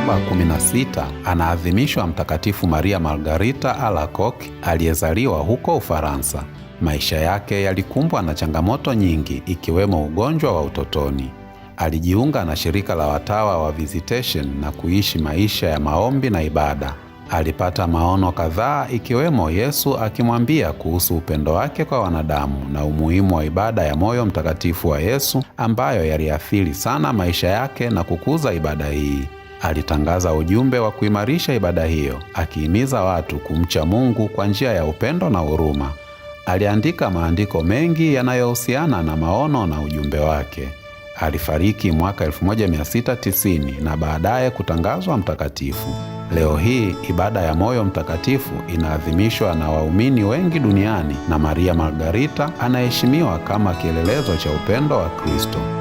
Oktoba 16 anaadhimishwa Mtakatifu Maria Margarita Alacoque aliyezaliwa huko Ufaransa. Maisha yake yalikumbwa na changamoto nyingi ikiwemo ugonjwa wa utotoni. Alijiunga na shirika la watawa wa Visitation na kuishi maisha ya maombi na ibada. Alipata maono kadhaa ikiwemo Yesu akimwambia kuhusu upendo wake kwa wanadamu na umuhimu wa ibada ya moyo mtakatifu wa Yesu ambayo yaliathiri sana maisha yake na kukuza ibada hii. Alitangaza ujumbe wa kuimarisha ibada hiyo, akihimiza watu kumcha Mungu kwa njia ya upendo na huruma. Aliandika maandiko mengi yanayohusiana na maono na ujumbe wake. Alifariki mwaka 1690 na baadaye kutangazwa mtakatifu. Leo hii ibada ya Moyo Mtakatifu inaadhimishwa na waumini wengi duniani na Maria Margarita anaheshimiwa kama kielelezo cha upendo wa Kristo.